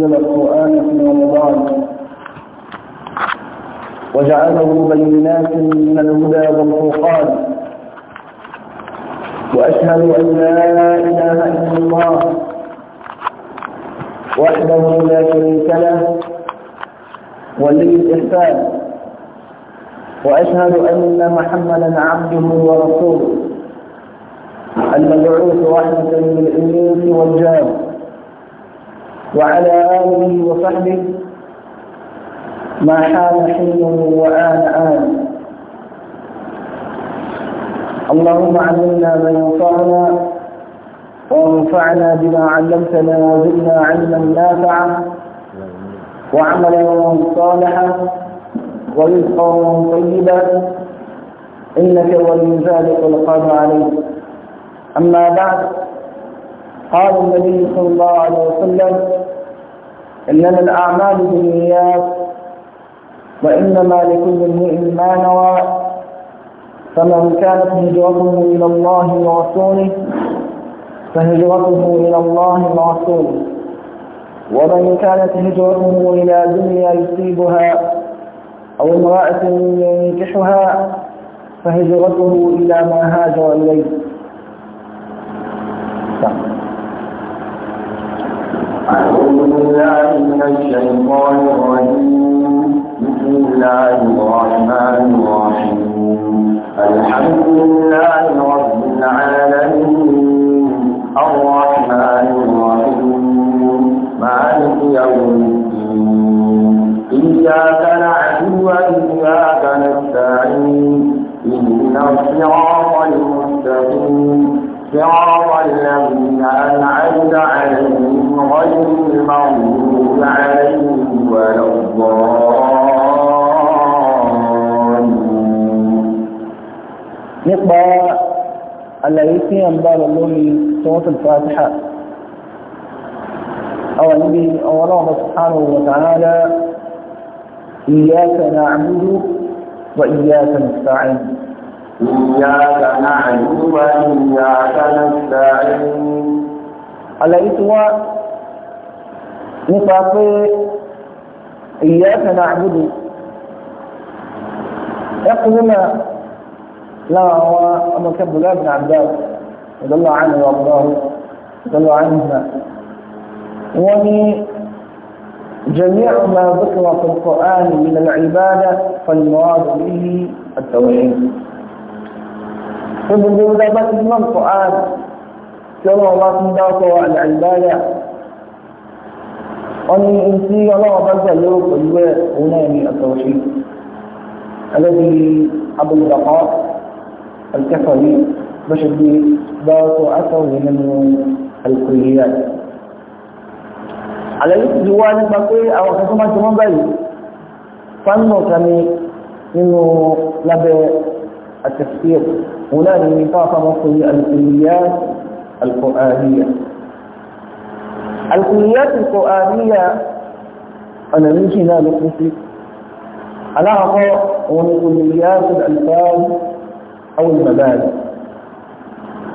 أنزل القرآن في رمضان وجعله بينات من الهدى والفرقان وأشهد أن لا إله إلا الله وحده لا شريك له ولي الإحسان وأشهد أن محمدا عبده ورسوله المبعوث رحمة للإنس والجار وعلى آله وصحبه ما حان حين وآن آن اللهم علمنا ما ينفعنا وانفعنا بما علمتنا وزدنا علما نافعا وعملا صالحا ورزقا طيبا انك ولي ذلك القادر عليه اما بعد قال النبي صلى الله عليه وسلم إنما الأعمال بالنيات وإنما لكل امرئ ما نوى فمن كانت هجرته إلى الله ورسوله فهجرته إلى الله ورسوله ومن كانت هجرته إلى دنيا يصيبها أو امرأة ينكحها فهجرته إلى ما هاجر إليه أعوذ بالله من الشيطان الرجيم بسم الله الرحمن الرحيم الحمد لله رب العالمين الرحمن الرحيم مالك يوم الدين إياك نعبد وإياك نستعين إهدنا الصراط المستقيم صراط الذين أنعمت عليهم غير المغضوب عليهم ولا nípa àlàyé tí a ń bá lọ lórí sọ́wọ́tò fàtíhà àwọn níbi ọwọ́lọ́wọ́ sọ́hánà wàtàrà ìyáka na àmúrú wa ìyáka na sa'in ìyáka na àmúrú wa ìyáka na sa'in àlàyé tí wọ́n nípa pé iyyaka na'budu ẹkùnrin náà láwọn ọmọ kẹbùrẹ́ ibn Abbas ìdọ́lọ́ àánú ọ̀gbọ́n ìdọ́lọ́ àánú الله wọ́n ní جميع ما ذكر في القرآن من العبادة فالمراد به التوحيد فبالجودة بس من القرآن كما الله سبحانه وتعالى العبادة wọ́n ní tí ọlọ́wọ́ bá gbà lérò pẹ̀lú ẹ̀ òun náà ní àtọ̀wọ̀ṣe alẹ́bí abúlùbàkọ́ alkẹ́kọ̀ọ́ yìí bó ṣe gbé báwọ́tò àtọ̀wọ̀ nínú alkùnrin àlẹ́lú ti di wá nípa pé àwọn kan tó máa ń ṣe wọ́n báyìí fánù kan ní nínú lábẹ́ àtẹ̀síẹ̀ òun náà ní fáfáwọn kò ní alkùnrin alkùnrin الكليات القرآنية أنا نجينا لقصي على أقوى هم كليات الألفاظ أو المبادئ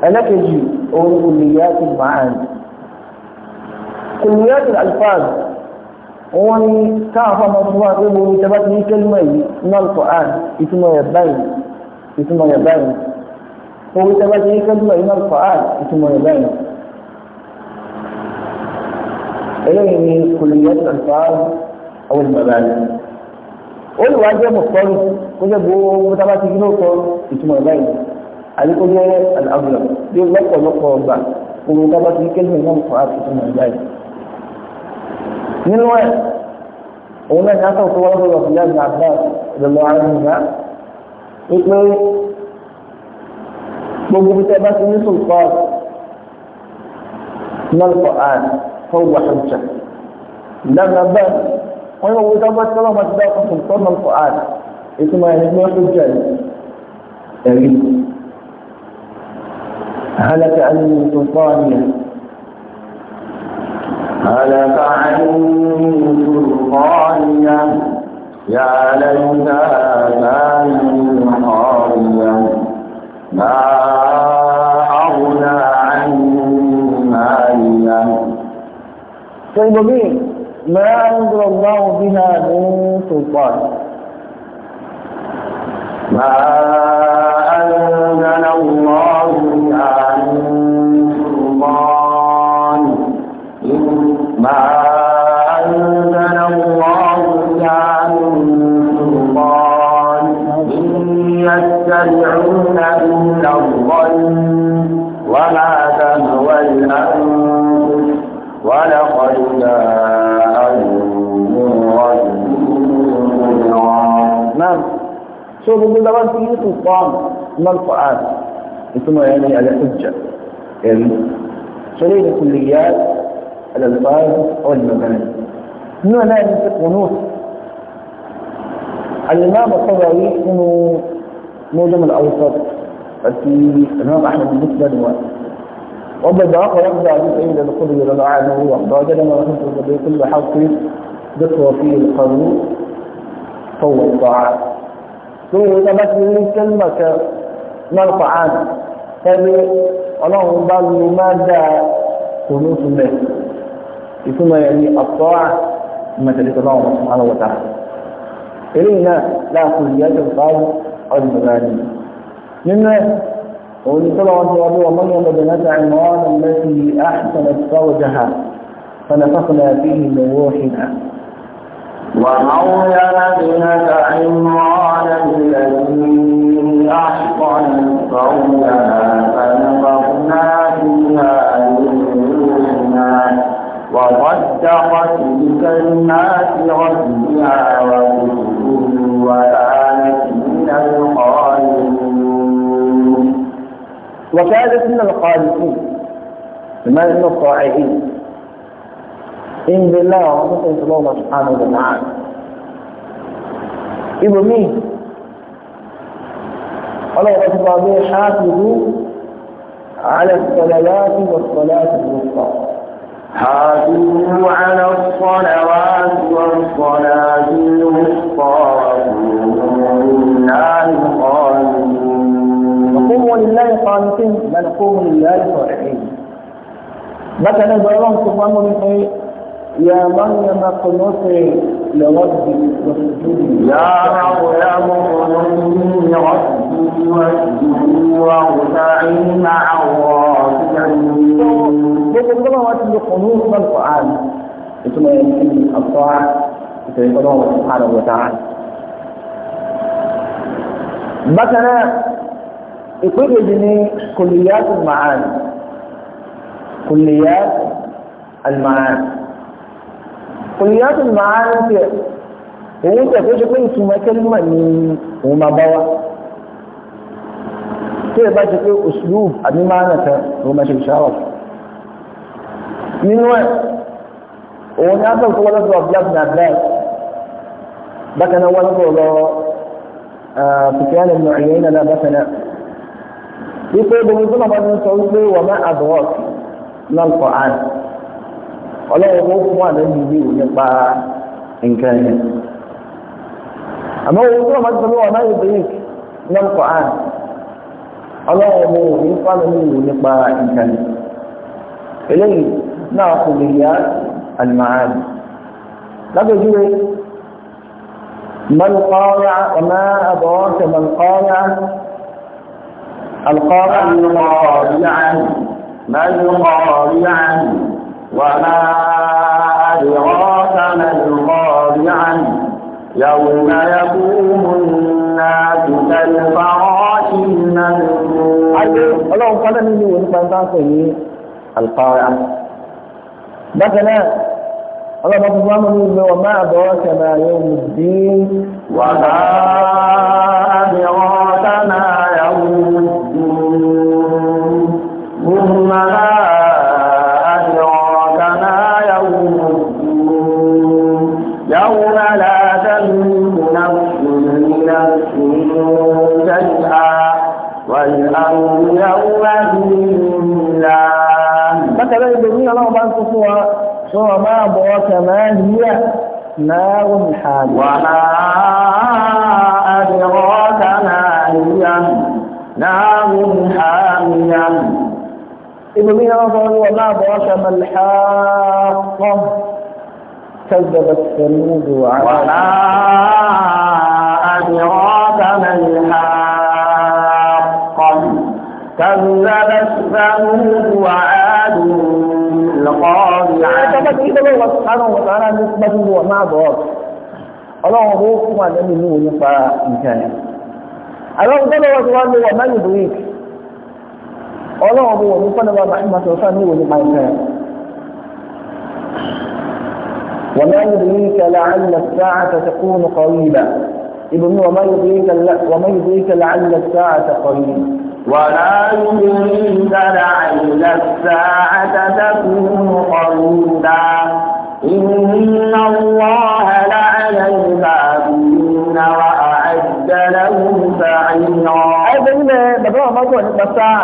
انا جي هم كليات المعاني كليات الألفاظ هم كعفة مصوات ومن تبات لي كلمة من القرآن اسم يبين اسم يبين ومن تبات لي كلمة من القرآن اسم يبين eléyìí ni kùlùyẹ́ tẹ̀sán àwọn ìmọ̀lá ni olùwájẹ́ mọ̀tọ́rù kó jẹ́ gbogbo tábà ti gbínú sọ ìtumọ̀ báyìí àdíkójẹ́ àbúrò bí lọ́pọ̀lọpọ̀ ọgbà gbogbo tábà ti kéjì náà kọ́ àti ìtumọ̀ báyìí nínú ẹ̀ òun náà ní asọ̀ tó wọ́n lọ́wọ́ ìyá ìgbà àbá ìdọ̀lọ́ àrùn ìgbà wípé gbogbo tábà ti ní sùn kọ́ nọ́ọ̀kọ̀ àrùn فهو حجة لما بان وهو وجبت سلامة داخل سلطان القرآن اسمه هو يعني؟ حجة أريد يعني هلك عن سلطانية هلك عن سلطانية يا ليتها كانت حالية ما فالمبين ما أنزل الله بها من سلطان ما أنزل الله بها من سلطان ما ولقد نعم شوف انت في سلطان ما القرآن اسمه يعني الحجة شريط الكليات الألفاظ والمباني نوع لا ينطق يعني ونوح الإمام الطبري إنه موجم الأوسط في الإمام أحمد بن مسلم وبدا ويبدا بالعيد القدر العام وحده لما رحمت كل حق ذكر فيه القانون هو الطاعات ثم إذا من كلمة ما الطاعات فبي اللهم ضل مادة ثلث به ثم يعني الطاعة ما تلك الله سبحانه وتعالى إلينا لا كليات القلب والمباني مما ويقول الله عليه وسلم ومن بنت عمران التي احسنت فوجها فنفخنا فيه من روحنا ومريم بنت عمران التي احسنت فوجها فنفخنا فيها من روحنا وصدقت بكلمات ربها وكتبه وكانت من القائمين وكانت من القانتين ما انه الطائعين إن بالله ومسلم الله سبحانه وتعالى إبو مين قال رسول الله حافظوا على الصلوات والصلاة الوسطى حافظوا على الصلوات والصلاة الوسطى وقولوا لله لله قانتين بل قوموا لله صالحين مثلا بيرون سبحان الله يا مريم اقنطي لربك لربي يا مريم اقنطي ربي واسجدي واركعي مع الراكعين. يقولون وقت القنوط والقران. ثم يمكن الطاعه الله سبحانه وتعالى. مثلا يقول لي كليات المعاني كليات المعاني كليات المعاني في هو تفجر كل سمة كلمة من وما بوا كيف بجر كل أسلوب أبي معنى وما شيء شرف من وين وانا أقول كل هذا أبيض من أبيض بكنا ولا آه، كل في كان المعيين لا بكنا wípé gbogbo tó lọ́mọdé ń sọ wípé wọ́n mẹ́ adọ́ọ̀t lọ́nkọ̀ àn ọlọ́run ó fún wa lẹ́nu ìwé ìwé nípa nǹkan yẹn àmọ́ owó tó lọ́mọdé sọ pé wọ́n mẹ́ ibrik lọ́nkọ̀ àn ọlọ́run ó fún wa ìwé nípa nǹkan yẹn eléyìí náà kò lè yá àlùmáàlì lábẹ́júwe mọ́lùkọ́ọ́yà ọ̀nà àbọ̀ọ́sẹ̀ mọ́lùkọ́ọ́yà. القاضي القاضي عنه ما القاضي عنه وما أدراك ما القاضي عنه يوم يقوم الناس كالفراش المنبوح الله قال مني وانت انت عصيني القارعة بكنا الله بكنا يعني وما أدراك ما يوم الدين وما أدراك ما يوم ثم ما أدراك ما يوم الدين يوم لا تملك نفس لنفس شيئا والأمر يومئذ لله بكذا يبين الله بأن تصوى ثم ما هي نار حامية وما أدراك ما هي نار حامية إبراهيم قال وما أدراك ما الحاقة كذبت ثمود وما أدراك ما الحاقة كذبت ثمود وعاد القارعة الله سبحانه وتعالى نسبة وما أدراك الله هو سبحانه وتعالى nípa nǹkan وما يدريك لعل الساعة تكون قريبة ابن وما يدريك وما يدريك لعل الساعة قريبة ولا يدريك لعل الساعة تكون قريبة إن الله لعل البابين وأعلم àìsẹ̀ lẹ́wọ̀n ìgbà àyíyàn. ẹgbẹ́ nílẹ̀ bàbá wọn máa ń bọ̀ nípa sáà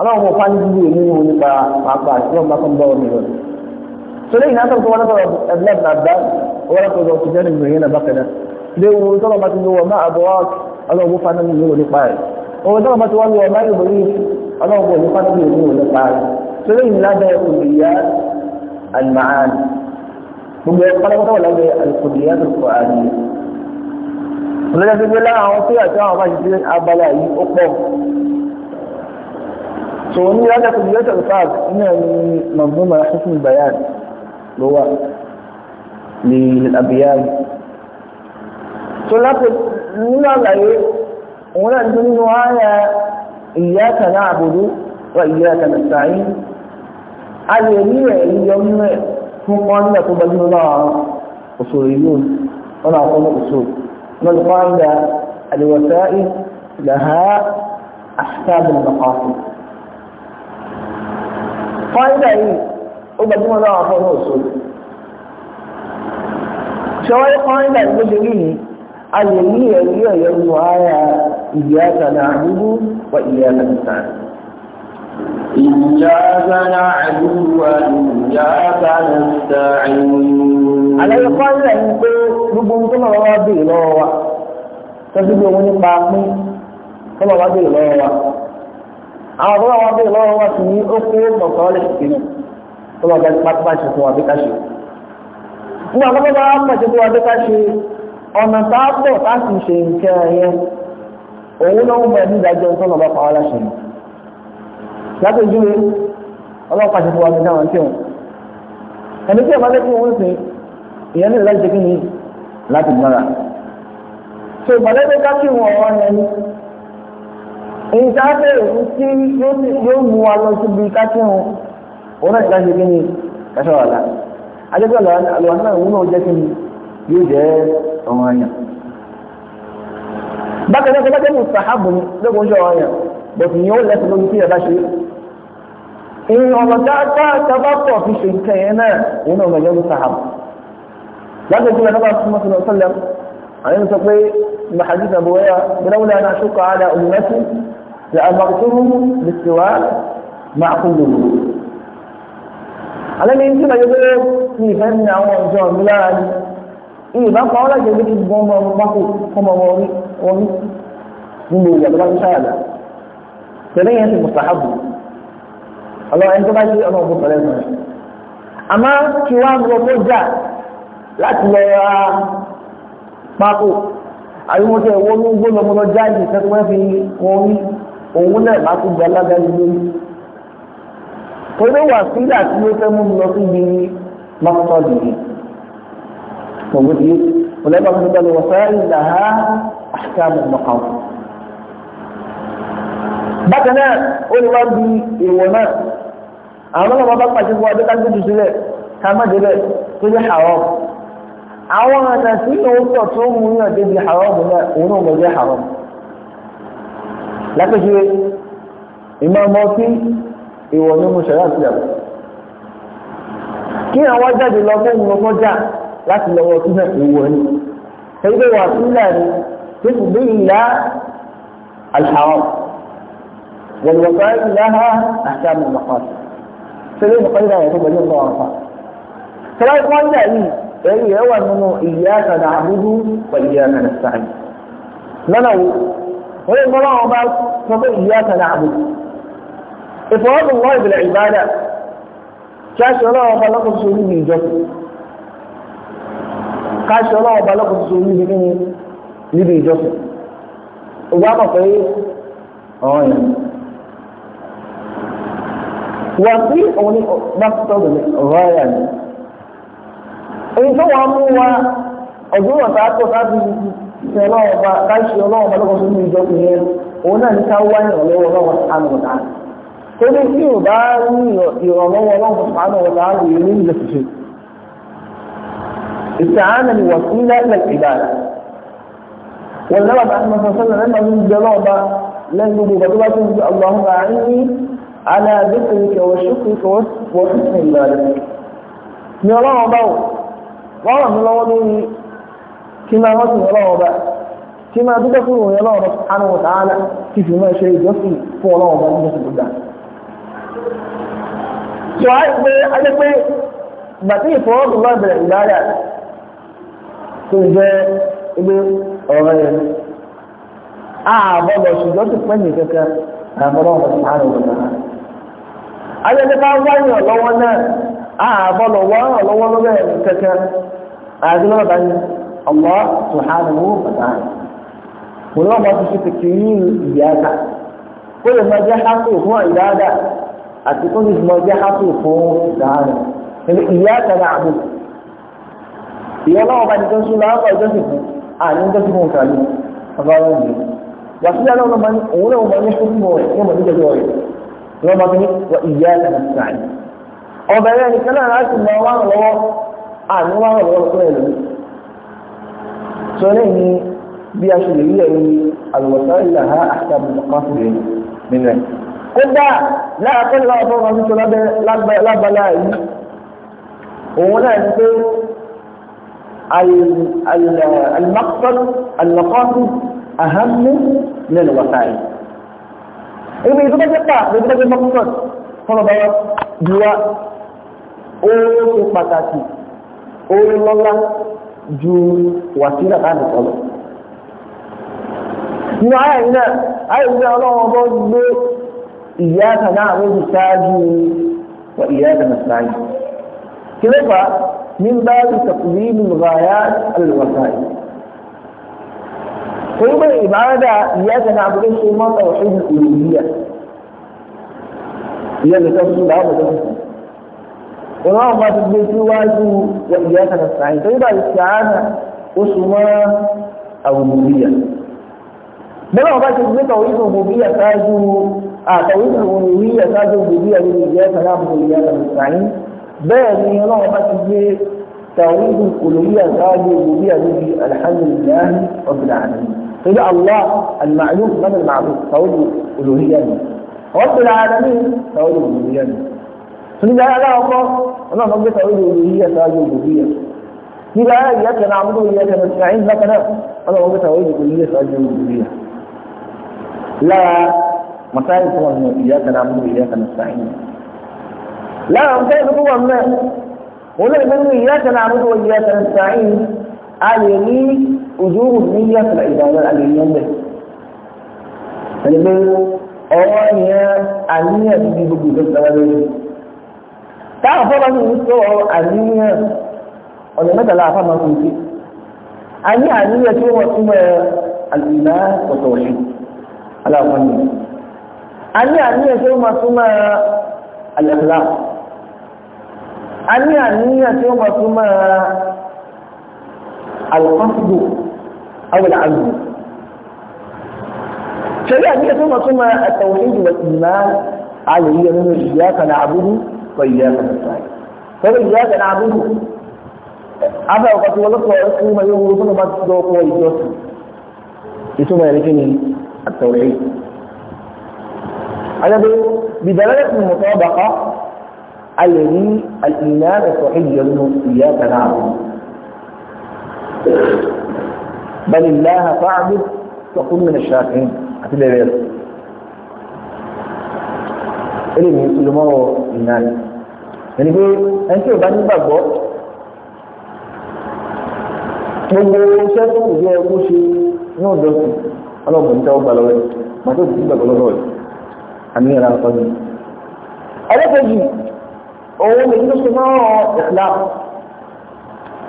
ọlọ́run mo fa níbi èyí mo nípa lábẹ́ òmìnira àlùmáàlì gbogbo ẹ̀ lọ́jọ́ pípé lára àwọn tó yà tí àwọn bá ṣe sí abala yìí ó pọ̀ so ní ìyájọ́ tó yẹ tẹ̀lé fáàb náà ni mọ̀gbọ́n mara fún fún ìbáyà ló wà ní àbíyá so láti nínú àlàyé òun náà tó nínú ààyà iyyaka na'budu wa iyyaka nasta'in a lè rí ẹ̀rí yọ nínú ẹ̀ fún wọn tó bá náà òṣòro ìlú wọn àwọn òṣòro من قال الوسائل لها أحساب المقاصد قاعدة إيه وبدون لا أفهم أصول شوية قاعدة المجرين الذي هي يرجو آية إياك نعبد وإياك نستعين إياك نعبد وإياك نستعين àlẹ́yìn kọ́ ń rẹ̀ ń pé gbogbo ohun tó máa wá bèèrè lọ́wọ́ wa tọ́jú bí owó nípa pín tó máa wá bèèrè lọ́wọ́ wa àwọn tó máa wá bèèrè lọ́wọ́ wa sì ní ó kó mọ̀tọ́ lè ṣe nù tó máa gbẹ́sí pátá ṣe fún wa bí ká ṣàpèjú mi ọlọ́pàá ṣe fún wa nínú àwọn tí wọn ẹni tí ìbá lẹ́kùn òun sìn ìyẹn ní láti kí ni láti mọ́ra ṣe ìgbàlẹ́gbẹ́ ká kí wọn ọ̀rọ̀ yẹn ni èyí tá a bẹ̀rẹ̀ fún tí yóò mú wa lọ síbi ká kí wọn òun náà ti láti kí ni ẹ̀ṣọ́ wà lá àlùwà náà òun náà jẹ́ kí ni yóò jẹ́ ọ̀rọ̀ yẹn bákan náà kí jẹ́ mùsàhábù ní lókun ṣọ̀rọ̀ yẹn bọ̀tù ni ó lórí tí ẹ bá ṣe èèyàn ọ̀rọ̀ dáadáa tábà pọ̀ fi ṣe nǹkan yẹn náà wọn náà yọ lóta hàn láti ìpínlẹ̀ náà bá súnmọ́ sí lọ́sọ̀lẹ̀ àwọn ènìyàn sọ pé mahadi nàbó wẹ́yà gbẹ́dáwó lẹ́yìn aṣọ́kọ̀ àdá òmìnirẹ́sì lè àmàkùtúrú lè sì wá máa kú lòlù. alẹ́ ní tí màjọ́ pé ní ìfẹ́ ní àwọn ọ̀jọ́ mi lára ni ìyè bá pa ọlọ́jọ́ bí kí gbọ́n mọ́ bákò kọ́mọ wọn ní nínú ìyàgbọ́n ọlọ́run ẹni tó bá ṣe ọmọ ògùn pẹ̀lẹ́ sọ̀rọ̀ àmọ́ kí wọ́n á gbọ́ tó jà láti lọ ra pákó àyùmọ̀ tẹ̀ wọ́n ní gbọ́dọ̀ mọ́ lọ jáde ìṣẹ́tí wọ́n fi wọn rí òun náà má tún gba alága àwọn ọmọ bá pàṣẹ fún ọdún kájú sílẹ̀ ká má débẹ̀ tó jẹ́ haram àwọn ọ̀nà tí òun tọ̀ tó mú yàn débi haram náà òun náà mọ̀ jẹ́ haram lápẹ́jọ́ ìmọ̀ ọmọ sí ìwọ̀ ní mo ṣẹ̀rá sí àbọ̀ kí àwọn jáde lọ fún ìwọ̀n kọjá láti lọ́wọ́ sí náà ìwọ̀ ni ẹgbẹ́ wà sílẹ̀ ni tó sì bí ìlà alharam wọ̀lọ̀kọ̀ ìlà ha àti àmì sọlẹ́ ìmọ̀ kọ́ńdà yẹn tó pẹ̀lú ọ̀pọ̀ ọ̀pọ̀ sọlẹ́ kọ́ńdà yìí ẹ̀rí ẹ̀ wà nínú iyyaka na'budu wa iyyaka nasta'in lọ́nà wo wọ́n yẹ kọ́lá wọn bá sọ pé iyyaka na'budu ìfọwọ́sùn wọ́n ìbìlẹ̀ ìbádà kíáṣí ọlọ́wọ́ bá lọ́kùn sórí ibi ìjọsìn káṣí ọlọ́wọ́ bá lọ́kùn sórí ibi kíni níbi ìjọsìn ògbà mọ̀ pé ọ̀hún yẹn wà sí òun ní bákítọ́ọ̀dù ní rọ́yà ni èyí tó wà mú wa ọ̀gbọ́n wà sáà tó sáà fi ṣe ọlọ́run bá káṣí ọlọ́run bá ìjọ ìyẹn òun náà ní ká wá ìrànlọ́wọ́ lọ́wọ́ على ذكرك وشكرك وحسن ذلك ni ọlọ́run bá wò wọ́n ràn mí lọ́wọ́ lórí kí máa wọ́n sì ní ọlọ́run bá kí máa dúpẹ́ fún ìròyìn ọlọ́run subhanahu wa ta'ala kí fi máa ṣe ìjọsìn fún ọlọ́run bá nígbà tó dá. ṣùgbọ́n ti pẹ́ nìkankan àbọ̀lọ́run ayẹyẹ bá wá yàn lọ́wọ́ náà ààbọ̀ lọ wá yàn lọ́wọ́ lọ́wọ́ ẹ̀ kẹ̀kẹ́ àti lọ́wọ́ bá yẹn ọ̀lọ́ tùhánù wò bàtà mo ní ọmọ tuntun ti kì í ìyáàdà kó lè máa jẹ́ hápò fún ìyáàdà àti kó lè máa jẹ́ hápò fún ìdáhùn ìyáàdà náà àbò ìyá ọlọ́wọ́ bá ní tó ń sún láàbọ̀ ìjọsìn fún àní ìjọsìn fún ìkàlù ọba ọ̀rọ̀ mi wàsílẹ̀ wọ́n máa fi ní wọ ìyá àtàkùnà yìí ọba ẹ̀rẹ́ nìkan náà láti máa wá lọ́wọ́ àní wá lọ́wọ́ fún ẹ̀rọ sọ lẹ́yìn bí a ṣe lè rí ẹ̀rí àlùwọ̀sá ìlà ha àti àbùkọ́ sí rẹ̀ nínú ẹ̀ kódà láàpẹ́ láàpẹ́ wọn tó lábala yìí òun náà ti pé المقصد المقاصد أهم من الوسائل ibi tó bá jẹ́ pà ibi tó bá jẹ́ mọ́kúnmọ́t fọ́nà bá wá ju wa ó ṣe pàtàkì ó lọ́lá ju wàsílà láti sọ́lọ́ nínú ayé yìí náà ayé yìí náà ọlọ́run ọgbọ́n gbé ìyá kan náà ló ti ṣáájú wa ìyá kan náà ṣáájú كلمة العبادة إياك نعبد شيء ما توحيد الألوهية هي اللي تصل لها وتصل وما ما تبدي في واجب وإياك نستعين فإذا طيب، الاستعانة اسمها أولوية بما ما تبدي توحيد الربوبية تاجو آه توحيد الألوهية تاجو الربوبية إياك نعبد وإياك نستعين بل ما ما تبدي توحيد الألوهية تاجو الربوبية الحمد لله رب العالمين تقول الله المعلوم من المعروف تقول ألوهيا رب العالمين تقول ألوهيا تقول لا الله أنا ما قلت أقول ألوهية تقول ألوهية تقول لا إياك نعبد وإياك نستعين لك أنا أنا ما قلت أقول ألوهية تقول ألوهية لا مسائل هو إياك نعبد وإياك نستعين لا مسائل هو ما ولا من إياك نعبد وإياك نستعين عليه ojúrù ní yàtọ̀ ìdájọ́ àlèyàn bẹ̀. Ẹgbẹ́ ọwọ́ yẹn àníyàn ti di gbogbo ìgbésẹ̀ wọn lórí. Táà fọ́nà ní sọ àníyàn ọ̀nà mẹ́tàlá àfọ́nà kò sí. A ní àníyàn tí wọ́n túmọ̀ àlùmá ọ̀tọ̀ wọ̀nyí. Aláwọ̀ ni. A ní àníyàn tí wọ́n túmọ̀ àlùmá. A ní àníyàn tí wọ́n túmọ̀ àlùkọ́sùdù. أو العبد شريعة هي ثم ثم التوحيد والإيمان على هي من إياك نعبد وإياك نستعين فإياك نعبد أبا وقت ولقوا ما يهربون ما تدوقوا ويدوسوا يسمى يلكني التوحيد أنا بدلالة المطابقة الذي الإيمان التوحيد يظن إياك نعبد بل الله فاعبد وكن من الشاكرين هتبقى بس ilé mi olùmọ̀wọ̀ ìnáni ẹni pé ẹni tí ò bá nígbàgbọ́ gbogbo iṣẹ́ tó kù bí ẹkú ṣe ní ọ̀dọ́ sí ọlọ́gbọ̀n tí ó gbà lọ́wọ́ ẹ̀ màtó kù nígbàgbọ́ lọ́wọ́ ẹ̀ àmì ìrà ọ̀tọ́ ni. ẹlẹ́kẹ̀jì òun lè ní ṣe máa ń rọ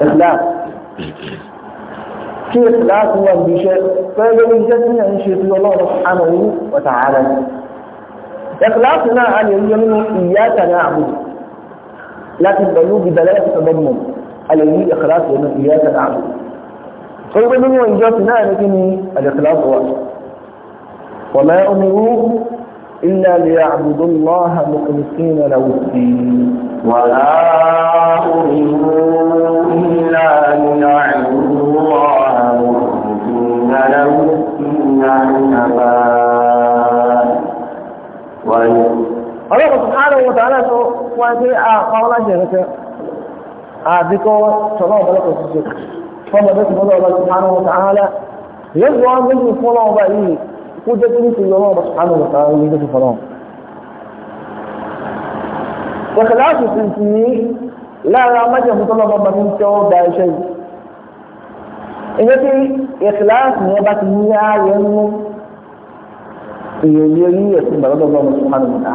ìfìlà ìfìlà شيخ لا تنوان بشيء فإذا من أن يعني شيخ الله سبحانه وتعالى إخلاصنا عن يمين إياك نعبد لكن بيو ببلاية تضمن عليه إخلاص يمين إياك نعبد فإذا من وإجتنا لكن الإخلاص هو وما أمروا إلا ليعبدوا الله مخلصين له الدين ولا أمروا إلا ليعبدوا ọlọ́pàá tó hálà wọn tààlà tó wọ́n tí a kọ́wọ́ láti ẹ̀rẹ́ tẹ́ àbíkọ́ tọ́lọ́ ọ̀pọ̀lọpọ̀ ṣíṣe fọ́nà tó tún lọ́wọ́ tó hálà wọn tààlà yóò wọ́n ń gbé fún ọlọ́wọ́ báyìí kó jẹ́ kí ní ti yọ ọlọ́wọ́ tó hálà wọn tààlà yóò gbé fún ọlọ́wọ́. wọ́n kàlá ìwé tí ìkìláàsì yẹn bá ti ní ààyè ń mú èèyàn ní orí ẹ̀sìn bàbá bàbá ọmọ sùpánù mọ̀tà.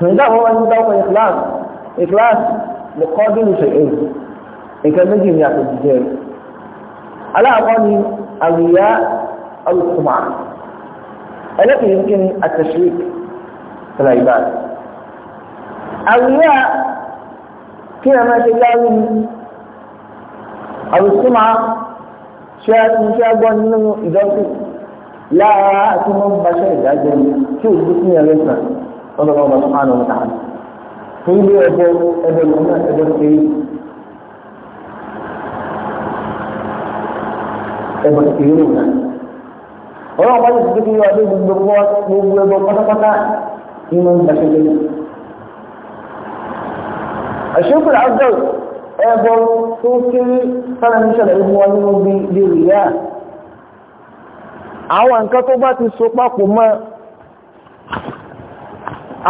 nígbà wọn wọn ń dáwọ́ ìkìláàsì ìkìláàsì lè kọ́ bí lùsọ̀ èyí nǹkan méjì ní àtòjìjẹ́ rẹ̀. aláàkọ́ ni àwùyá alùpùpùmá ẹlẹ́kìnrin kí ni àtẹ̀sírí tẹ̀lá ìbáàdì. àwùyá kí ni a máa ṣe láwùú alùpùpùmá ṣé iṣẹ́ agbọ́n nínú ìdọ́sí lára tí wọ́n ń baṣẹ́ ìdájọ́ tí ò dúkú yẹn rẹ̀ sàn lọ́dọ̀ wọn bá sọ́kàn àwọn ọ̀tá fún ilé ẹgbẹ́ ẹgbẹ́ lọ́nà ẹgbẹ́ kékeré ẹgbẹ́ kékeré lọ́nà ọlọ́run bá yẹ kí wọ́n dé gbogbo gbogbo ẹgbẹ́ pátápátá ní wọ́n ń baṣẹ́ lẹ́yìn. àṣekùn àgbẹ̀wò ẹbọ tó kéré sáàmì ṣẹlẹ̀ ìmú wọn nínú bí yorùbá àwọn nǹkan tó bá ti so papọ̀ mọ́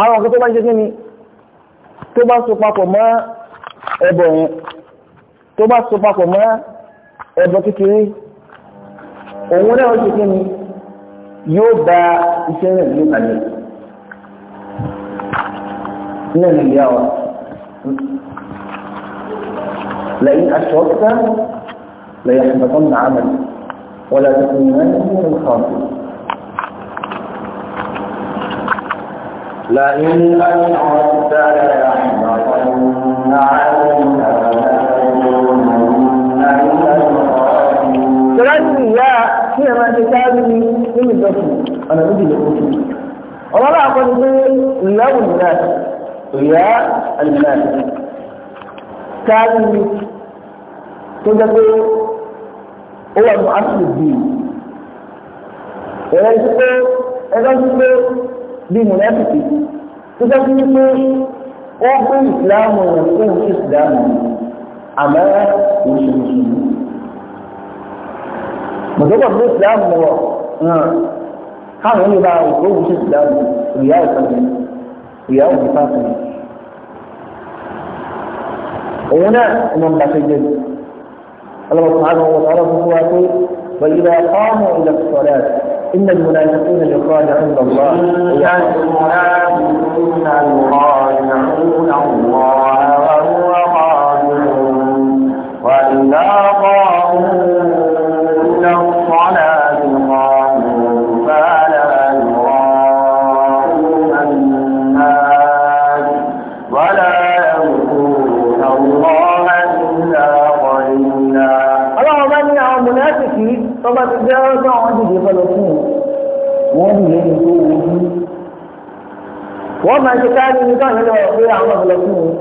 àwọn nǹkan tó bá jẹ́ kíni tó bá so papọ̀ mọ́ ẹbọ yẹn tó bá so papọ̀ mọ́ ẹbọ kékeré òun náà ṣe kíni yóò bá iṣẹ́ rẹ̀ ní ìpàdé náà nìyá wa. لئن أشركت ليحبطن عملي ولا تكونن من الخاسرين لئن أشركت ليحبطن عملي ولا تكونن من الخاسرين سلام يا سيما كتابي من الدخول أنا بدي الدخول والله أقول لي لو الناس ويا المنافق káàdì tó jẹ́ pé ó wà ní asùn bì ẹ̀rọ ti pé ẹ̀rọ ti pé bí mùnẹ́fìkì tó jẹ́ pé ó gbé ìsìláàmù rẹ̀ fún ìsìláàmù àmọ́ oṣù mùsùlùmí. Mọ̀tọ́kọ̀ fún ìsìláàmù rọ̀ hàn káwọn yóò bá òkú ìyá òkú ìyá òkú òun náà ọmọ nígbà tó jẹ́ ọlọ́wọ́ sàánù wọn ọ̀rọ̀ fún wa pé wọ́n yíra ọmọ ilẹ̀ sọ̀rẹ́ إن المنافقين يخادعون الله يخادعون الله وهو خادعهم وإذا wọ́n máa ṣe káàdì ní káàdì lọ pé àwọn ọ̀gbọ̀lọ̀ fún un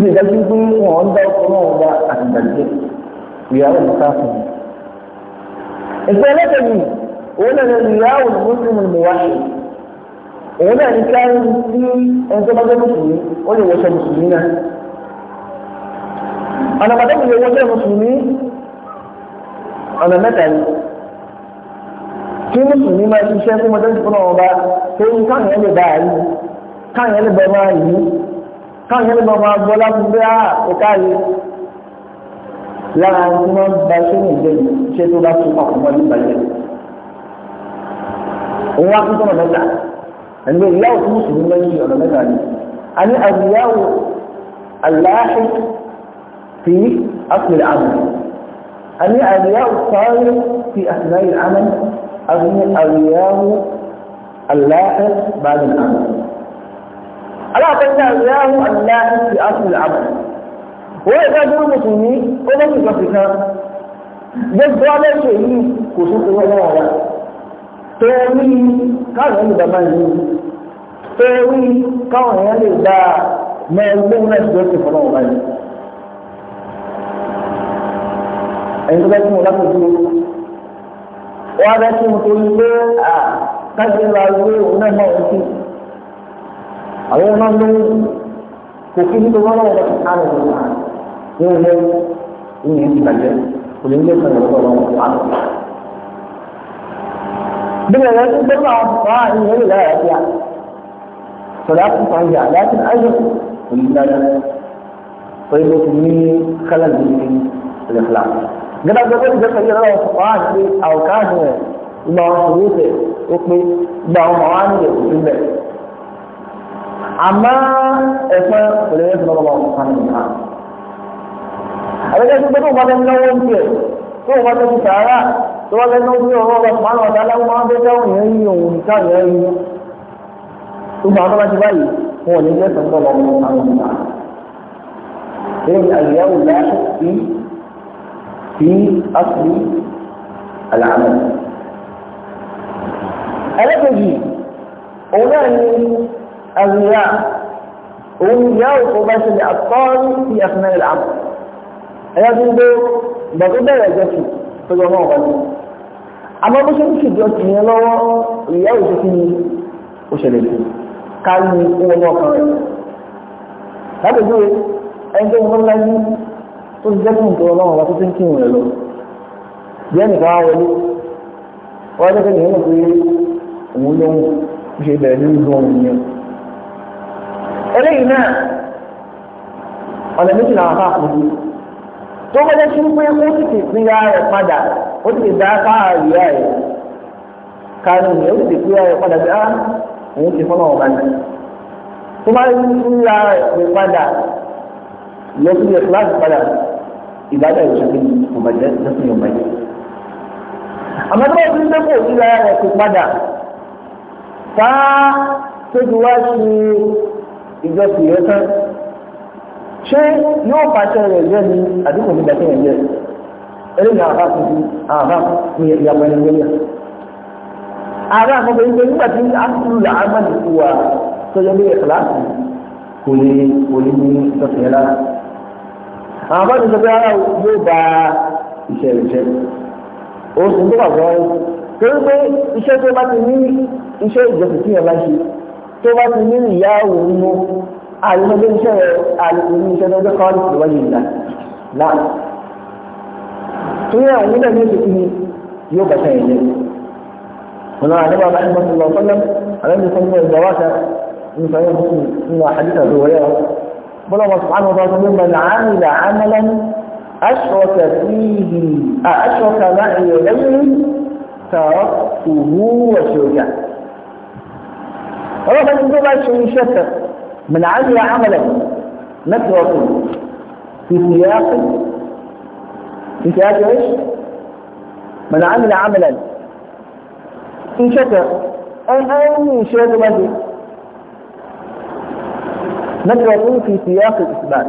tí ìdájú pé wọ́n ń dá ọkọ̀ náà wá àtìgbàjẹ́ ìyàwó ní káàkiri. ìfẹ́ ẹlẹ́tẹ̀mí òun náà ní ìyàwó ní mùsùlùmí ní wá ṣe òun náà ní káàdì sí ẹni tó bá jẹ́ mùsùlùmí ó lè wọṣọ mùsùlùmí náà. ọ̀nà pàtàkì lè wọṣọ mùsùlùmí ọ̀nà mẹ́ta ni kí mùsùlùmí máa ṣiṣẹ́ fún mọ́tẹ́sì torí káwọn yẹn lè bá yìí káwọn yẹn lè bá máa yìí káwọn yẹn lè bá máa gbọ́ lábúgbé ah, á ẹ̀ka yìí lára tí wọ́n bá ṣé ní ìgbé ṣé tó bá tún ọkọ̀ mọ́ nípa yẹn. òun wá kúkọ́ mẹ́ta ẹni ìyá òkú mùsùlùmí lẹ́yìn ọ̀nà mẹ́ta ni a ní àgbéyàwó aláṣẹ fi àpèrè àmì a ní àgbéyàwó sáré fi àtìláyè àmì a ní àgbéyàwó اللائق بعد الأمر ألا تنزعه اللائق في أصل الأمر وإذا دور مسلمين وما في ذلك gbogbo alẹ́ ṣe yìí kò sí owó náà wá torí káwọn ẹni bàbá yìí torí káwọn ẹ̀yà tó bá tún káṣí ra ìwé òun náà máa ń fi àwọn máa ń lé kò kí ní gbogbo ọlọ́wọ́ àrùn ní ilé ìyẹn ti bàjẹ́ kò ní ilé kan ìwé ọlọ́wọ́ àrùn. bí ẹ̀rọ tó gbé máa bá ìyẹn ìlà rẹ̀ bíà sọ̀rọ̀ àkùnkà ń yà láti ayọ̀ kò ní dáadáa kò ní ní kálá ní ìlú ìlú ìlú gẹ́gẹ́ bí wọ́n ti gbé pẹ̀lú ọlọ́wọ́ sọ̀rọ̀ àti àwòkáàdùn rẹ̀ gbogbo àwọn sòwò tẹ̀ ó pé gbogbo àwọn màá ní ìyẹ̀wò tó bẹ̀. àmọ́ ẹ̀fọn kò lè rẹ́sì lọ́wọ́ wọn kan nìkan. àbẹ̀tẹ̀ tó gbọ́dọ̀ wọn náwó ń tiẹ̀ tó wọn tó ti sàárà tó wọn lẹ́nu bí ọ̀rọ̀ ọ̀rọ̀ sùmánù ọ̀dà aláwọ̀ máa ń bẹ́ dáhùn yẹn yí òun nìkan yẹn yí. gbogbo àwọn tó bá ti báyìí wọn ò ní rẹ́sì lọ́wọ́ wọn kan nìkan. في أصل العمل ẹlẹ́kẹ̀jì òun náà ni àwùyá òun ìyá òkú bá ṣe lè àkọ́rí sí ẹ̀fúnná ìlà àpò ẹ̀yà tó ń gbé ìgbà tó bẹ̀rẹ̀ ẹ̀jẹ̀ sí tó yọ náà wọlé àmọ́ bó ṣe ń ṣèjọ tì yẹn lọ́wọ́ ìyá òkú sí ni ó ṣẹlẹ̀ sí ká ní owó náà kan rẹ̀ lábẹ́jú ẹni tó ń lọ́lá yín tó ti jẹ́ kí nǹkan ọlọ́run tó ti ń kírun rẹ̀ lọ bí ẹnì kan wọlé wọ́n á nìyẹn mọ̀ òun ló ń ṣe bẹ̀rẹ̀ ní ìlú ọ̀hún yẹn. eléyìí náà ọ̀nà méjì làwọn bá kú sí tó wọlé sí pé ó sì ti pín ya rẹ̀ padà ó sì ti dá káà rí ya rẹ̀ kánú ni ó sì ti pín ya rẹ̀ padà bí á ah, òun ti fọ́nà ọ̀gá ni tó bá ń pín ya rẹ̀ padà yọ sí yẹ kíláàsì padà ìbádà ìṣẹ́gun kò lọ́sìn yóò àmọ́ tó bá ń pín pé rẹ̀ padà fá tóbi wá sí ìjọsìn rẹ tán ṣé yóò pàṣẹ rẹ jẹ ní àdúgbò nígbà tí wọn jẹ eléyìí àbá tuntun àbá ní ìyàwó ẹni lórí àbá àkọ́kọ́ yìí pé nígbà tí asùlù àmàlì fún wa sọjọ bí ìkìláàsì kò lè kò lè ní ìjọsìn rẹ lára àwọn bá ti sọ pé ara yóò ba ìṣẹ̀lẹ̀ jẹ oṣù tó wà lọ́wọ́ torí pé iṣẹ́ tó bá ti ní iṣẹ́ ìjọsìn tí ọba ṣe tó bá ti nínú ìyá òun nínú àìmọdé iṣẹ́ rẹ̀ àìmọdé iṣẹ́ lọ́jọ́ kan lè wáyé ìlà náà tó yẹ àwọn nígbà méjì kí ni yóò bàtà ẹ̀yẹ wọn náà nígbà bá ẹgbẹ́ sọlọ sọlọ àwọn ẹgbẹ́ sọlọ ìgbà wáta nípa yóò fún nínú àdìsà tó wọlé wa bọ́lá wọn sọ àwọn ọba tó ní mọ̀lá àmì là ámàlá أشرك فيه أشرك معي غيري تركته وشركه خلاص انت بقى شيء شتى من عمل عملك نفس الوقت في سياق في سياق ايش؟ من عمل عملا في شتى اهم شيء ما في نفس في سياق الاثبات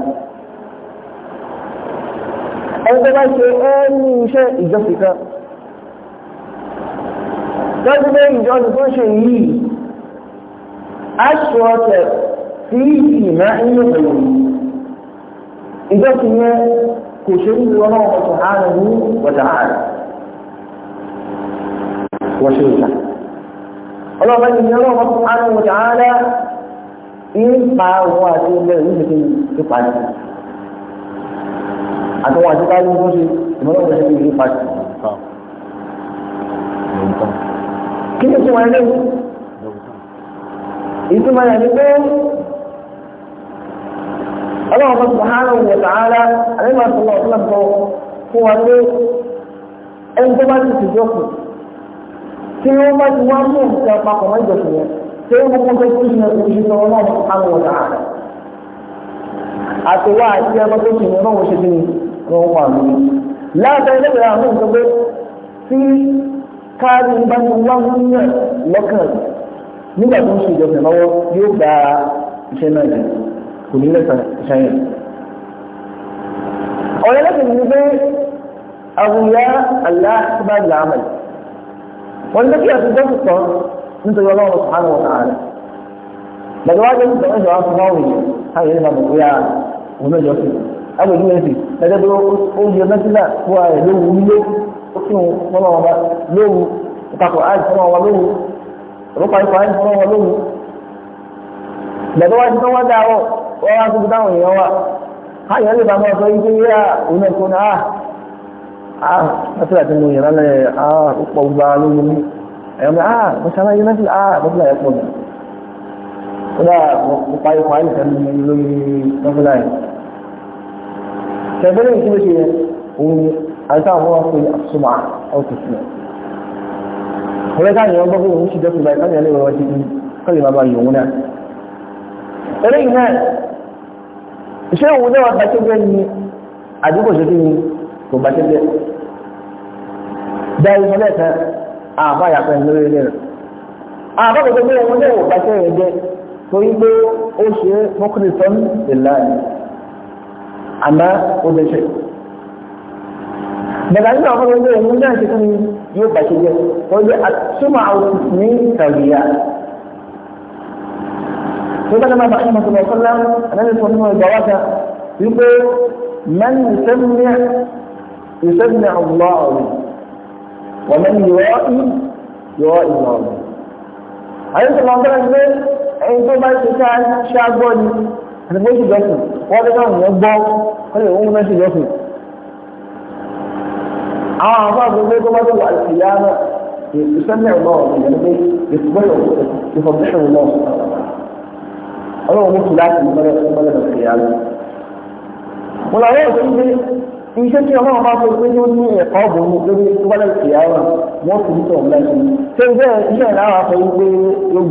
أنت شيء أي شيء يجسك قلبي يجعل كل شيء أشرك في إيماء غيره إذا كنا كشري الله سبحانه وتعالى وشركه الله قال إن الله سبحانه وتعالى إيقع هو أتي الله يمكن يقع أتوا أتوا قالوا بوشي مرة بوشي يقع كيف يقع ìtumọ̀ yẹn ni pé ọlọ́run bá subhanahu wa ta'ala àlẹ́mọ̀ àtọ́lọ́ ọ̀tọ́lọ́pọ̀ fún wa pé ẹni tó bá ti ti jókòó tí wọ́n bá ti wá mú nǹkan papọ̀ mọ́ ìjọsìn yẹn tí wọ́n kọ́kọ́ tó kú ìyẹn oṣù tó wọn náà subhanahu wa ta'ala àtẹ̀wá àti ẹgbẹ́ tó kù ìyẹn náà wọ́n ṣe bí wọn wà lórí láàbẹ̀ ẹlẹ́gbẹ̀rẹ̀ àwọn nǹkan tí káàdì bá ti wá lọ́kàn nígbà tó ń ṣe ìjọsìn lọ́wọ́ yóò gba iṣẹ́ náà jù kò ní lẹ́sàn iṣẹ́ yẹn. ọ̀rẹ́ lẹ́sìn ní pé àwùyá aláàbàlá àmàlì wọ́n ní kí ẹ̀sùn jọ́sìn kan nítorí ọlọ́run sùhánù wọn àárẹ̀. bàbá wa jọ́sìn kan ìjọba fún báwọn èèyàn káyọ̀ nípa bọ̀ bóyá òun náà jọ́sìn agbègbè yẹn sì gẹ́gẹ́ bí ó yẹ mẹ́sílà fún ààrẹ lówu nílé ó kí wọn lọ́wọ́ orúkọ ikọ̀ ayé fún wọn lóhùn gbẹ̀dọ̀ wá ti tán dáwọ́ wọ́n wá síbi táwọn èèyàn wà káyọ̀ lè bá máa sọ yíké yíyá òun ẹ̀kọ́ ní àá àá mọ́tílà tí mo yàn lálẹ́ àá ó pọ̀ gbogbo mi ẹ̀yọ́ mi àá mo ṣe mọ́tílà àá mọ́tílà yẹn pọ̀ mi ó dáa mo ikọ̀ ayé fẹ́ mi lórí mọ́tílà yẹn ọ̀rẹ́ káàyàn ọgbọ́n fún òun sì dẹ́kun báyìí káàyàn lè rọwọ́ títí bàbá yòówù náà eléyìí náà iṣẹ́ òun náà bàtẹ́gbẹ́ ni àdúgbò ṣe kí ni kò bàtẹ́gbẹ́ dáa ìṣẹ́ lẹ́ẹ̀ta àbá yàtọ̀ ìlórí ilé rẹ̀ àbá kò tó òun náà bàtẹ́ rẹ̀ jẹ́ torí pé ó ṣe mọ́kùnrin tán lè láàyè àmọ́ ó bẹ̀ daga nínú àwọn ọmọdé ẹni náà ti fún yóò bàṣẹ jẹ wọn jẹ àtúmọ̀ ah, àwọn ní kàwéyà nígbà náà bàbá ẹni mọ̀tò lọ́sọ́ lá ẹni tó nínú ìgbà wáta wípé mẹ́ni ìsẹ́mi ìsẹ́mi ọ̀gbọ́ ọ̀rọ̀ wọ́n mẹ́ni yọ̀ọ́ ì yọ̀ọ́ ìgbà ọ̀rọ̀ àyè tó lọ́ọ́ bẹ́rẹ̀ pé ẹni tó bá ṣe ṣáà gbọ́ ni àti bó ṣe jọ́sìn wọ́n fẹ́ káwọn èèyàn gbọ́ wọ́n lè wọ́n mú àwọn àwọn àgbègbè tó bá tó wà sí ìyá náà ìsẹ́lẹ̀ ọlọ́run ìyẹn pé ìfúnbẹ́lẹ̀ ìfọ̀bẹ́sẹ̀ ọlọ́run ọlọ́run ní kìláàsì ìmọ̀lẹ̀ ìmọ̀lẹ̀ ìfẹ̀ yá lọ. mo làwọn èsì pé iṣẹ́ tí ọlọ́run bá fẹ́ pé ní ó ní ẹ̀kọ́ ọ̀bùn ní pé tó bá lẹ́sì ìyá náà wọ́n fi ní sọ̀rọ̀ lẹ́sì. ṣé iṣẹ́ iṣẹ́ ìlànà àfẹ́ wípé yóò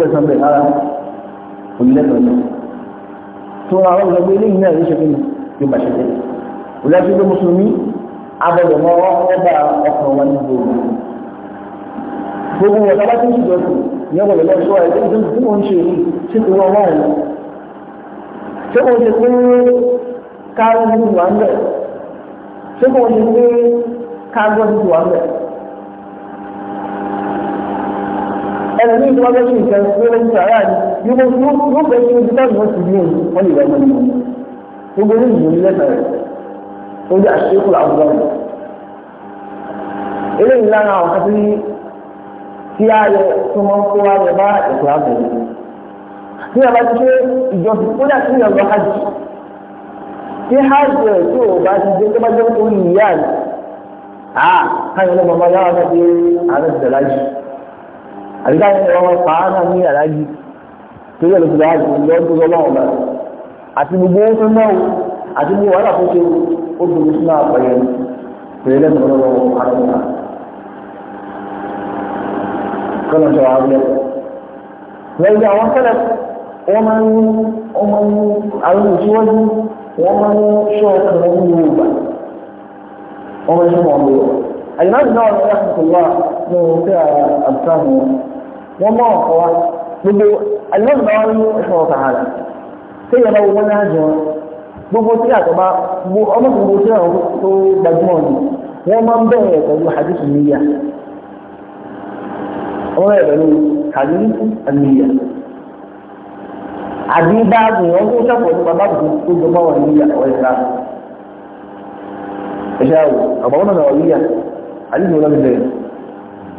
gbẹ̀sán bẹ̀ rárá onílẹ̀tọ̀ọ̀tọ̀ tó ra ọlọ́run lọ pé eléyìí náà yóò ṣe kí ni yóò bàṣẹ́ abẹ̀lẹ̀ mọ́ wọn ọba ọkàn ní gbòòrò. gbogbo ọ̀tá bá tún ṣùgbọ́n kù ní ọ̀gbọ̀n lọ sọ ẹ̀ tó tí mo ń ṣe yìí ṣé kò wọ́n wọ́n yìí. ṣé kò ṣe pé káwọn ní ìwà ń bẹ̀? ṣé kò ṣe pé káwọn ní ìwà ń bẹ̀? ẹni ní ìwà bẹ́ẹ̀ ṣe ìfẹ́ pé ó ń sàrà ni yóò fẹ́ ṣe ojú táwọn ti ní òun wọ́n lè rẹ́ mọ́ ní tó jẹ́ àṣekù àwùjọ mi. eléyìí lára àwọn kan tí tí a yẹ tó máa ń kó wa yẹ bá ètò àgbẹ̀ yìí. tí a bá ti ṣe ìjọsìn kódà tí yẹn lọ hajj tí hajj rẹ̀ tí ò bá ti dé tó bá jẹ́ kó yìí yá rẹ̀ a káyọ̀ lọ́mọ bá yára náà dé àárẹ̀ ìdàlá yìí àbíká yẹn lọ́wọ́ pàá náà ní àlá yìí tó yẹ lọ́sọ̀rọ̀ àjò lọ́dún lọ́wọ́ àti gbogbo ó fẹ́ náà àti bí wàhálà tó ṣe ó dúró sínú àpẹẹrẹ pẹ̀lú lẹ́nu ọlọ́wọ́ àtúnṣe. kọ́nà sọ àwọn abúlé lẹ́yìn àwọn tẹ́lẹ̀ wọ́n máa ń ní wọ́n máa ń ní àwọn ìṣíwájú wọ́n máa ń ní ṣọ́ọ̀kì wọn ní yorùbá wọ́n máa ń ṣe wọn lóyún. àyìnbáyìí náà wọ́n yàtọ̀ tó wà ní ohun tí àbúrò wọn mọ̀ ọ̀kọ́ wa gbogbo àyìnbáyìí náà wọ́n ní ẹ̀ṣọ́ ọ̀tà hàn gbogbo tí àtọ́bá ọmọ gbogbo tí àwọn tó gbajúmọ̀ ni wọ́n máa ń bẹ̀rẹ̀ pẹ̀lú hadith níyà wọ́n bẹ̀rẹ̀ pẹ̀lú hadith níyà àbí báàbù wọn kó sọ̀pọ̀ nípa báàbù tó jọ mọ́ wọn níyà ọ̀rẹ́ ìlà ẹ̀ṣẹ́ àwò àbáwọn náà wọ̀ níyà hadith wọn bẹ̀rẹ̀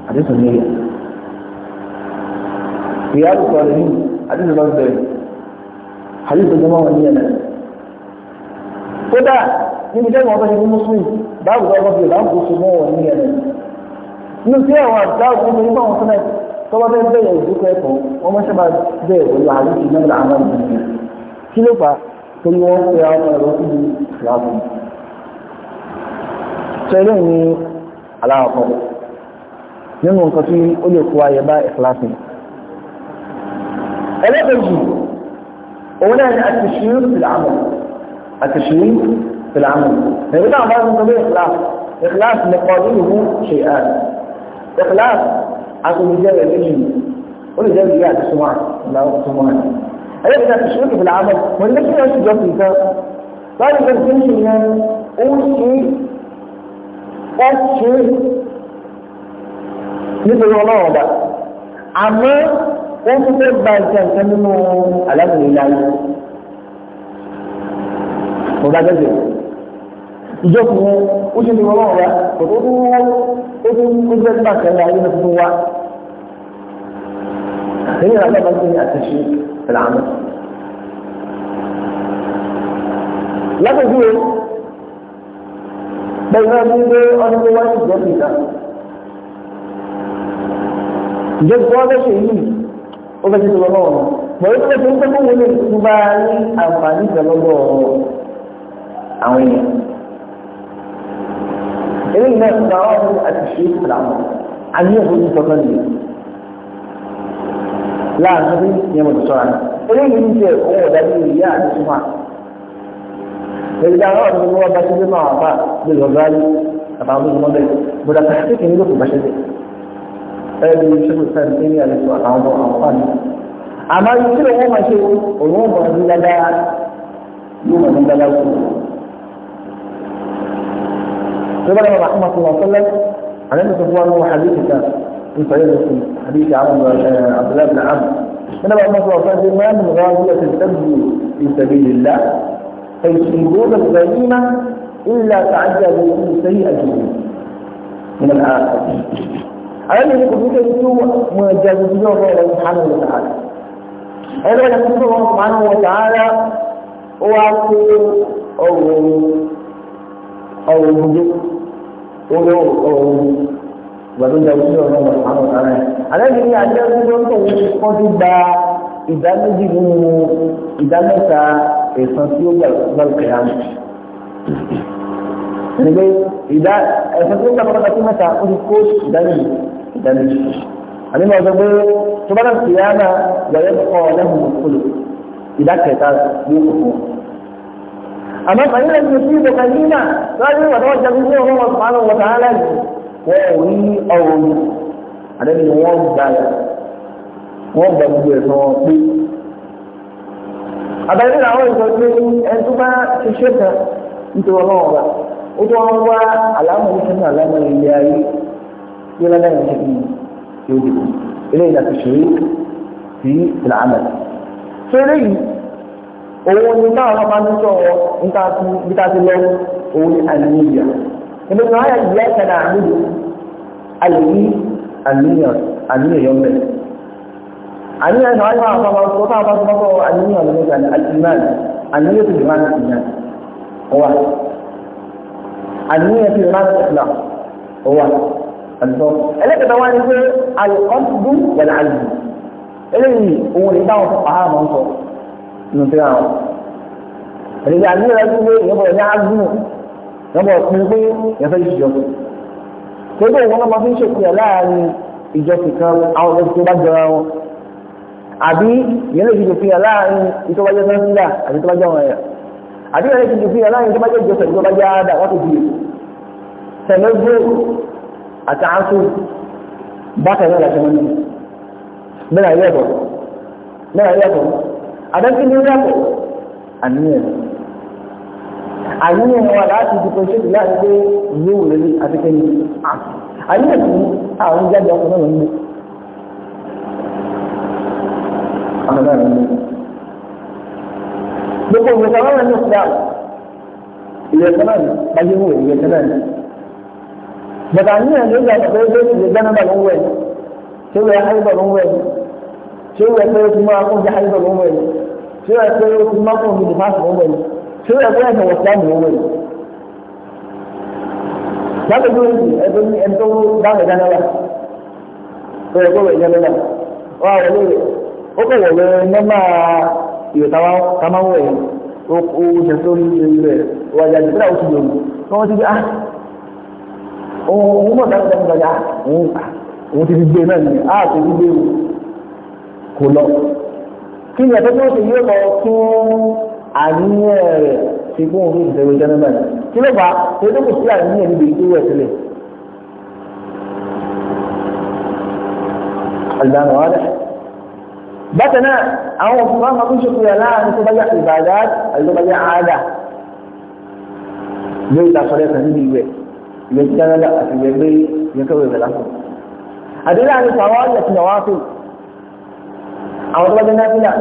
hadith níyà ìyá àlùkò àlùmí hadith wọn bẹ̀rẹ̀ hadith wọn níyà kódà níbi tẹ́lẹ̀ wọn fẹ́ ní muslim báwo lọ́wọ́ fi ìlànà kò sí mọ́ wọn ní ẹ̀rọ inú sí àwọn àgbà òkú ní báwọn fúnẹ̀ tọ́wọ́ fẹ́ bẹ̀rẹ̀ ìdúkọ̀ ẹ̀kọ́ wọn máa sábà bẹ̀rẹ̀ pẹ̀lú àárín ìlú náà àwọn ìlú kí ló fà torí wọn fẹ́ àwọn ẹ̀rọ sí ní ìlànà tẹ́lẹ̀ ní aláàkọ́ nínú nǹkan tí ó lè kó ayẹ bá ìfúláṣì ẹlẹ́gbẹ̀jì òun náà ni a ti ṣe é التشريك في العمل لأن بعض من طبيعي إخلاص إخلاص مقابله شيئان إخلاص عشان يجاوب الإلم ولجاوب جاء السمعة لا سمعة أي إذا تشريك في العمل والناس لا يشجع في ذلك قال إذا تمشي يعني أوشي أوشي nítorí ọlọ́run ọba àmọ́ wọ́n tún fẹ́ gba ìṣẹ́ ìṣẹ́ nínú kò bá tẹ̀sẹ̀ ìjọkùn yẹn ó ṣe ní ọlọ́run wa kò tó tún wọ́n ó tún ó jẹ́ nígbà kẹrin ayé náà tuntun wa lẹ́yìn ìrànlọ́ bá ń pè ní àtẹ̀ṣe ìlànà. lápẹ̀júwe bẹ́ẹ̀ náà pé ọdún tó wáyé ìjọsìn náà ìjọsìn wọn fẹ́ yìí ó fẹ́ ṣe ìrànlọ́wọ́ pẹ̀lú pé kí n tẹ́kọ̀ọ́ wọlé ìtura ní àǹfààní ìtẹ̀lọ́gbọ̀ ọ̀rọ̀ àwọn èèyàn eléyìí náà ń darọ́ ọ̀hún àti ṣe é fúnra wọn àní ẹ̀fọ́ ní sọ́kàn nìyẹn láàrin bí ìyẹn mo ti sọ́ra ní eléyìí ń jẹ ohun ọ̀dàbí ìyá àti súnmọ́ èrìdà àwọn ọ̀dọ́ ni wọ́n bá ṣe dé máa bá lè lọ bá yìí àbá wọn lọ́mọ bẹ́ẹ̀ bùdà kàṣí kìíní ló kò bá ṣe dé ẹ̀ẹ́dì ìṣẹ́gun sẹ́ni ní àlejò àtàwọn ọmọ àwọn ọmọ àmọ́ ìṣẹ́lẹ̀ wọn máa ṣe òun ọmọ ní dáadáa yóò mọ̀ ní dáadáa kù الشباب رحمه الله صلى الله عليه وسلم عن ابن حديث في صحيح مسلم حديث عبد الله بن عمرو النبي صلى الله عليه وسلم ما من غازية تبدو في سبيل الله فيصيبون الغنيمة إلا تعجل من سيئة من الآخر على أن يكون هناك سوء مجازية الله سبحانه وتعالى هذا يقول الله سبحانه وتعالى هو أو أو owó òun ìgbàlódé ojú ọ̀nà àwọn ọ̀nà rẹ̀. Àlẹ́bí ní àjẹ́gbẹ́gbẹ́ tó ń kọ́ sí gba ìdá méjì nínú ìdá mẹ́ta ẹ̀sán tí ó gbàlùkẹ̀ yá. Ẹnìgbé ìdá ẹ̀sán tí ó gbà pátá sí mẹ́ta ó ti kó ìdá méjì ìdá méjì. Àlẹ́bí ọ̀sẹ̀ pé tó bá dàbí ìyá náà gbàlẹ́ kọ́ lẹ́hùn ìdá kẹta ní òkùnkùn àmọ́ pẹ̀lú ẹni tí ìbò kan yìí náà lọ́dún ìwà tó wọ́n jagun ní ọmọ ọ̀sán àwọn ọ̀sán aláàbò wọn ò ní ọrọ̀ mi àdébí ni wọ́n gba wọ́n gba gbogbo ẹ̀sán wọn pé. àbẹ̀rẹ̀ ní àwọn ìsọ pé ẹni tó bá ṣiṣẹ́ kan nítorí ọlọ́run wa ó tó wọn wá àlámọ̀ ìṣẹ́ àlámọ̀ ilé ayé tí wọ́n lẹ́yìn ṣe kí yóò dìbò eléyìí láti ṣe é sí ìlànà òun ni táwọn bá ní sọ̀rọ̀ níta ti lọ òun ni àníyàn ìbí kan ayé ìyá ìkẹdà àmúlò ayé ní àníyàn àníyàn yọ mẹ́rin àníyàn náà ayé máa fọwọ́ tó táwọn bá tó fọwọ́ àníyàn ló ń gbà ní àtìmáàlì àníyàn tó lè máa ní ìyàn ọwà àníyàn tó lè máa ní ìlà ọwà àtọ́ ẹlẹ́kẹ̀ẹ́ta wá ní pé àlùkọ́ dún pẹ̀lú àlù eléyìí òun ni táwọn fọ́ pàhámọ́ sọ̀rọ̀ nínú tí wọn. Ẹ̀dẹ̀dẹ̀ àdúgbò rẹ̀ gbé ìyẹ́bọ̀ ní ágùnù lọ́bọ̀ ọ̀pìn pé ìyẹ́fẹ́ ìṣìjọ. Gbogbo ìwọ́n máa fi ń ṣèkú ẹ̀ láàárín ìjọsìn kan àwọn ọ̀dọ́ tó bá jọra wọn. Àbí ìyẹn lè fi ṣèkú ẹ̀ láàárín ìtọ́bajẹ́ sẹ́ńsílà àti ìtọ́bajẹ́ ọ̀rọ̀ ẹ̀yà. Àbí ìyẹn lè fi ṣèkú ẹ̀ láàárín ìtọ́bajẹ́ ìjọsìn ìtọ́bajẹ́ àádà wọ́n ti di tẹ̀lẹ́gbẹ́ àti àásù bákan náà láti mọ́ àdájọ́ ní ìrẹ́pọ̀ àníyàn àníyàn wà láti dìbò ṣe ìlà àti pé ìwé òwúrẹ́ ní afẹ́fẹ́ ní àníyàn tí àwọn jáde ọkùnrin náà ń gbé àmàlà rẹ̀ ní gbogbo ìwé sọ̀rọ̀ rẹ̀ ní ìsìlá ìwé sọ̀rọ̀ rẹ̀ bájú wò ìwé sọ̀rọ̀ rẹ̀ bàtà àníyàn ló gbà pé ó náà lọ́wọ́ ẹ̀ tó lè háyé bọ̀ ṣé ó yẹ pé ó ti máa kún jáde lọ lọ́wọ́ ṣé ó yẹ pé ó ti máa kún mi dìbò àṣọ lọ́wọ́ ṣé ó yẹ pé ẹ̀sẹ̀ wọ̀sán mi lọ́wọ́ yìí. Láti bí ẹgbẹ́ ní ẹni tó dáhùn ìdáná wa, ó kó wẹ̀ ìyẹn lọ́wọ́, ó kọ̀ wọ̀lẹ́ nọ́mà ìrètàwá tamáwọ̀ yẹn, ó sórí rẹ̀, wàjà ìdílé àwọn oṣù lòlù, wọ́n ti di ah, òun mọ̀ dáhùn ìdáná òun ti fi gbé náà nìyẹn, ah, ti fi gbé wọn kó lọ kí ni ẹ̀fẹ́ tó ṣe yóò lọ fún àníyàn rẹ̀ ṣe fún òun ìbẹ̀rù jẹ́nẹ́mà kí ló bá ṣe tó kò sí àníyàn níbi ìgbéwò ẹ̀sílẹ̀ àlùdáná wa rẹ̀ bákan náà àwọn òṣùpá máa ń ṣòfò yà láàrin tó bá yà ìbàdà àti bá yà áádà lórí ìtàkọ̀rẹ́ kan níbi ìwẹ̀ ìwẹ̀ jẹ́nẹ́mà àti ìwẹ̀ gbé ìwẹ̀ kẹwẹ̀ ìwẹ̀ lásán àdéhùn àti sàwọn àyẹ̀tì náà wá fún àwọn tó bá jẹ́ náfìlà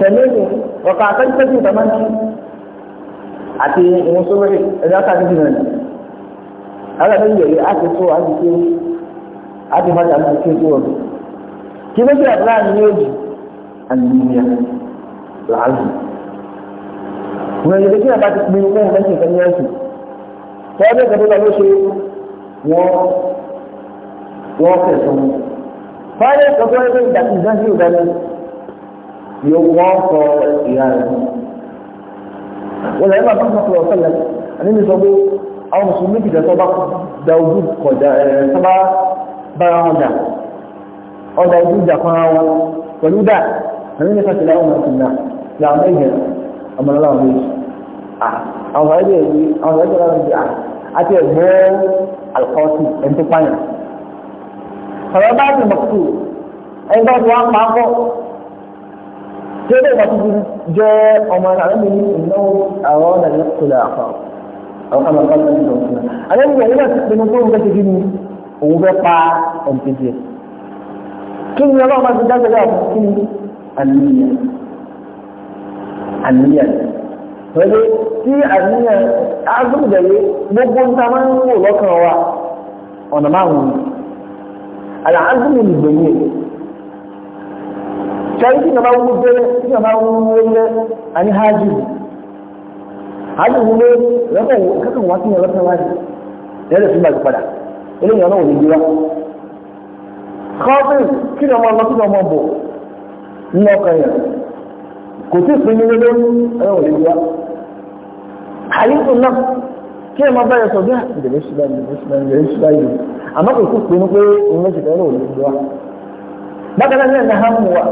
tẹ̀lé ìlú ọ̀ka àtẹ́jútẹ́jú ìtàmájú àti ìwọ̀n sórí ẹ̀dá ká nínú rẹ̀ alábẹ́ ìyẹ̀lẹ̀ á ti tó àti tó á ti máa tàbí tó tó ọ̀dọ̀ kí ló jẹ́ àbúrà ní òjì àníyàn làálù wọ́n yẹ kí àbá ti pinnu fún ọ̀gá ìṣẹ̀kẹ́ ní ẹ̀sìn tọ́jú ìkẹ́kọ̀ọ́ ló ṣe wọ́n wọ́n fẹ̀sùn wọn fáyé sọ́kọ́ ẹgbẹ́ ìdàkì ìdájú ìdájú yóò wọ́ sọ ìyá rẹ̀. wọ́n lẹ́yìn bàbá sọ́kọ́ ọ̀sẹ̀ lẹ̀ àníbi sọ pé àwọn mùsùlùmí kìtà sọ́ba da ojú kọjá ẹ̀ sọ́ba bára wọn dà ọ̀dà ojú ìjà kan wọn pẹ̀lú dà àní nípa tìlẹ̀ àwọn mùsùlùmí làwọn ẹ̀jẹ̀ ọmọlọ́wọ́ méjì àwọn ẹ̀jẹ̀ àwọn ẹ̀jẹ̀ àti ẹ̀gbọ́n alkọ́sì ẹ̀ ọ̀rọ̀ bá ti mọ̀kú ẹgbẹ́ tí wọ́n pa pọ̀ tí ó dẹ̀gbà tuntun jẹ́ ọmọ rẹ̀ àwọn ènìyàn ìnáwó àwọn ọ̀nà ìlú kúlẹ̀ àpá àwọn kan lọ́kọ́ lọ́kọ́ lọ́kọ́ lọ́kọ́ àwọn ènìyàn nígbà tí pinnu tó ń bẹ́ ti di ni òun fẹ́ pa ẹ̀ǹkejì ẹ̀ kí ni ọlọ́run bá ti dájọ́ lọ́wọ́ fún kí ni àníyàn àníyàn pẹ̀lú tí àníyàn á gbọ́dọ̀ yé gbogbo ń ta máa ń wò lọ́kàn wa ọ̀nà márùn-ún àlàáfíà lè gbẹ̀yìn sẹ́yìn tí nàbá wúlò bẹ́rẹ̀ tí nàbá wúlò bẹ́rẹ̀ àní hajj hajj wúlò lọ́pọ̀ kẹ́kọ̀ọ́ wá sí ọlọ́pàá wájú lẹ́rẹ̀ fún bàjẹ́ padà eléyìí ọlọ́wọ̀ lè gbéra kọ́ọ̀tì kí ni ọmọ ọlọ́pàá ọmọ bọ̀ ní ọkàn yẹn kò sí ìpinnu lórí ọlọ́wọ̀ lè gbéra àyíkù náà kí ẹ máa bá yẹn sọ bí ìdèrè ṣúgbà ìdèrè ṣúgbà ìdèrè ṣúgbà yìí àmọ́ kò kú pinnu pé òun ló ti tẹ́lẹ̀ òun ló wá. bákan náà ní hamu wa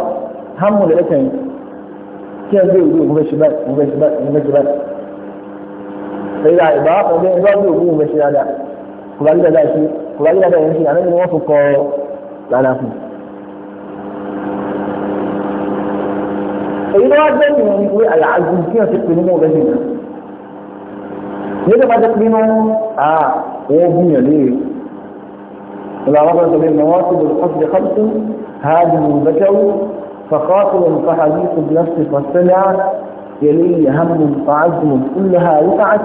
hamu lè lẹ́kẹ̀ yìí kí ẹ gbé òru òun fẹ́ ṣe báyìí òun fẹ́ ṣe báyìí òun fẹ́ ṣe báyìí. èyí à ìbá kan bẹ́ẹ̀ bá gbé òru òun fẹ́ ṣe dáadáa kò bá dídá dáa ṣe kò ni wọ́n fi kọ́ lánàá fún èyí ló wá jẹ́ ìwọ̀n ní pé àlàáfíà nígbà bá jẹ́ pé nínú àà wọ́n gbìyàn léèrè ìlànà bá sọ pé mọ̀ wọ́n ti bẹ̀rẹ̀ fún ṣe kọ́tù hajji mu bẹ́kẹ́wù fàkọ́tù wọn fa hajji kò bí wọ́n ti fàṣẹ́lá yẹlé yaham fàájú kúlẹ̀ ha wíkàt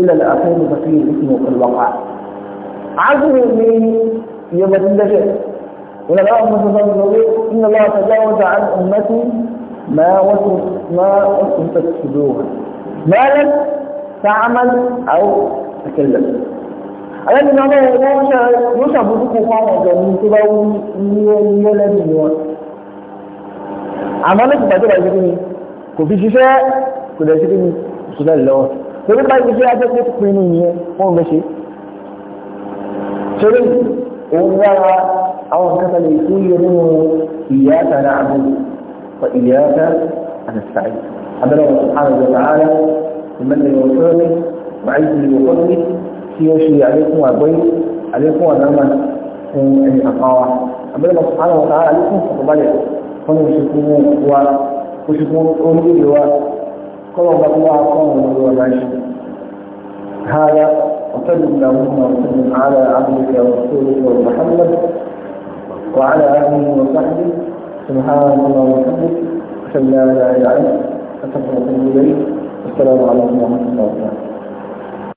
ilẹ̀ àfẹ́ mi fàṣẹ́ yìí ìsìn òkú lọ́kà. عزمي من يوم تندشئ ولا لا أمة تنظر إن الله تجاوز عن أمتي ما وصفت ما وصفت صدورها ما لم تعمل او تكلم الذي نعمل يقول يشعب ذكوك وعلى جميل تباوي ليا ليا عمالك بادر عزيزيني كوفي شفاء أنا عزيزيني صلى الله كل قائد أنا عزيزيك تكويني ايه هون ماشي شلو اوه يا او كتل يكون أنا اياك نعبد فإياك انا السعيد عبد الله سبحانه وتعالى بمن وفاقه وعزه في يوشي عليكم وأبويه عليكم أنما هم يعني أن يتقاوى أما الله سبحانه وتعالى عليكم فتبالي كونوا يشكون و ويشكون أولي و كونوا بطلوا عقوم ونعمة هذا وصل اللهم وسلم على عبدك ورسولك محمد وعلى اله وصحبه سبحان الله وبحمده اشهد ان لا اله الا انت استغفرك اليك 这个完了，我们走了。